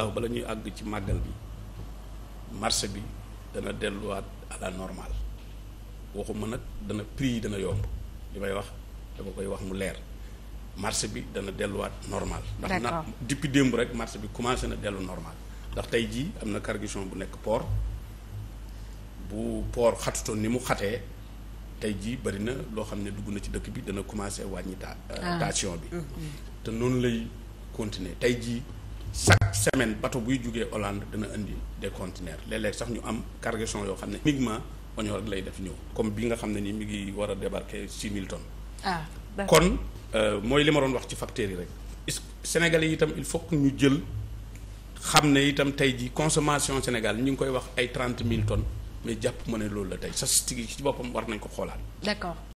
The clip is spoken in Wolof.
allahu bala ñuy àgg ci màggal bi marché bi dana delluwaat à la normale waxuma nag dana prix yi dana yomb li may wax dama koy wax mu leer marché bi dana delluwaat normal ndax na depuis démb rek marché bi commencé na dellu normal ndax tey jii am na cargaison bu nekk poor bu port xatutoon ni mu xatee tey jii bari na loo xam ne dugg na ci dëkk bi dana commencé wàññi ta ah. euh, bi mm-hmm. te noonu lay continuer tey jii chaque semaine bateau buy jógee Hollande dana indi des conteneurs léeg-léeg sax ñu am cargaison yoo xam ne uniquement oignon rek lay def ñëw comme bi nga xam ne nii mi ngi war a débarquer six mille tonnes. Ah, kon euh, mooy li ma doon wax ci facteurs yi rek. Sénégalais yi itam il faut que ñu jël xam ne itam tey ji consommation Sénégal ñu ngi koy wax ay trente mille tonnes mais jàpp ma ne loolu la tey statistiques yi ci boppam war nañ ko xoolaat.